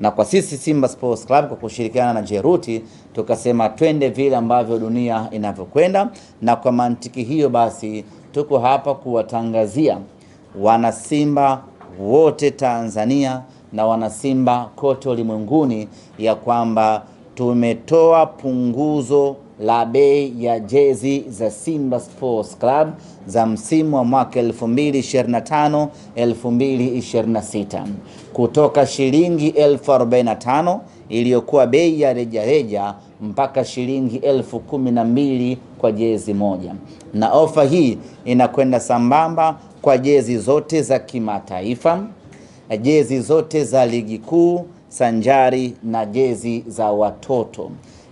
na kwa sisi Simba Sports Club kwa kushirikiana na Jeruti tukasema twende vile ambavyo dunia inavyokwenda, na kwa mantiki hiyo basi tuko hapa kuwatangazia wanasimba wote Tanzania na wanasimba kote ulimwenguni ya kwamba tumetoa punguzo la bei ya jezi za Simba Sports Club za msimu wa mwaka 2025 2026 kutoka shilingi elfu 45 iliyokuwa bei ya rejareja mpaka shilingi elfu kumi kwa jezi moja, na ofa hii inakwenda sambamba kwa jezi zote za kimataifa, jezi zote za ligi kuu sanjari na jezi za watoto.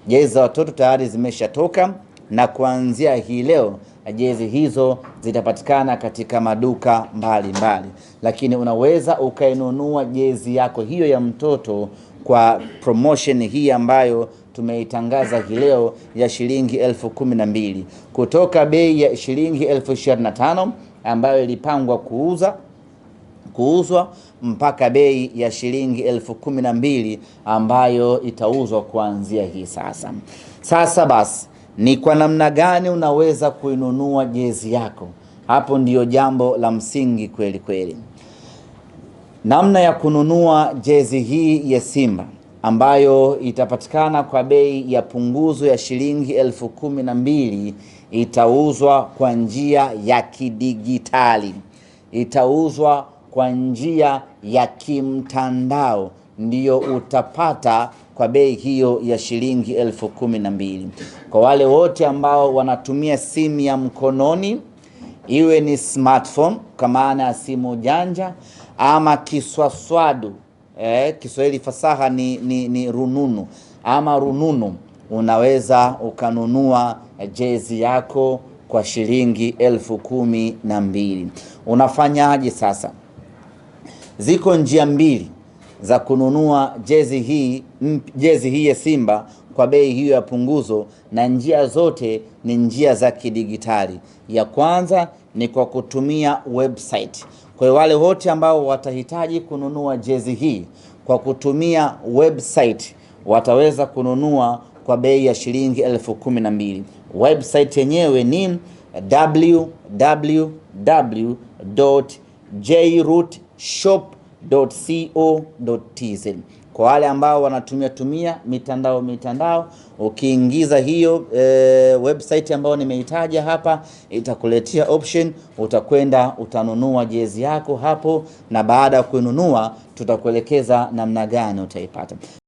Jezi za watoto tayari zimeshatoka na kuanzia hii leo jezi hizo zitapatikana katika maduka mbalimbali mbali. Lakini unaweza ukainunua jezi yako hiyo ya mtoto kwa promotion hii ambayo tumeitangaza hii leo ya shilingi elfu kumi na mbili kutoka bei ya shilingi elfu ishirini na tano ambayo ilipangwa kuuza kuuzwa mpaka bei ya shilingi elfu kumi na mbili ambayo itauzwa kuanzia hii sasa. Sasa basi ni kwa namna gani unaweza kuinunua jezi yako? Hapo ndiyo jambo la msingi kweli kweli. Namna ya kununua jezi hii ya Simba ambayo itapatikana kwa bei ya punguzo ya shilingi elfu kumi na mbili itauzwa kwa njia ya kidigitali, itauzwa kwa njia ya kimtandao ndio utapata kwa bei hiyo ya shilingi elfu kumi na mbili. Kwa wale wote ambao wanatumia simu ya mkononi, iwe ni smartphone kwa maana ya simu janja ama kiswaswadu eh, Kiswahili fasaha ni, ni, ni rununu ama rununu, unaweza ukanunua eh, jezi yako kwa shilingi elfu kumi na mbili. Unafanyaje sasa? Ziko njia mbili za kununua jezi hii, jezi hii ya Simba kwa bei hiyo ya punguzo, na njia zote ni njia za kidigitali. Ya kwanza ni kwa kutumia website. Kwa hiyo wale wote ambao watahitaji kununua jezi hii kwa kutumia website wataweza kununua kwa bei ya shilingi elfu kumi na mbili. Website yenyewe ni www.jroot shop.co.tz. Kwa wale ambao wanatumia tumia mitandao mitandao, ukiingiza hiyo e, website ambayo nimeitaja hapa, itakuletea option, utakwenda utanunua jezi yako hapo, na baada ya kuinunua tutakuelekeza namna gani utaipata.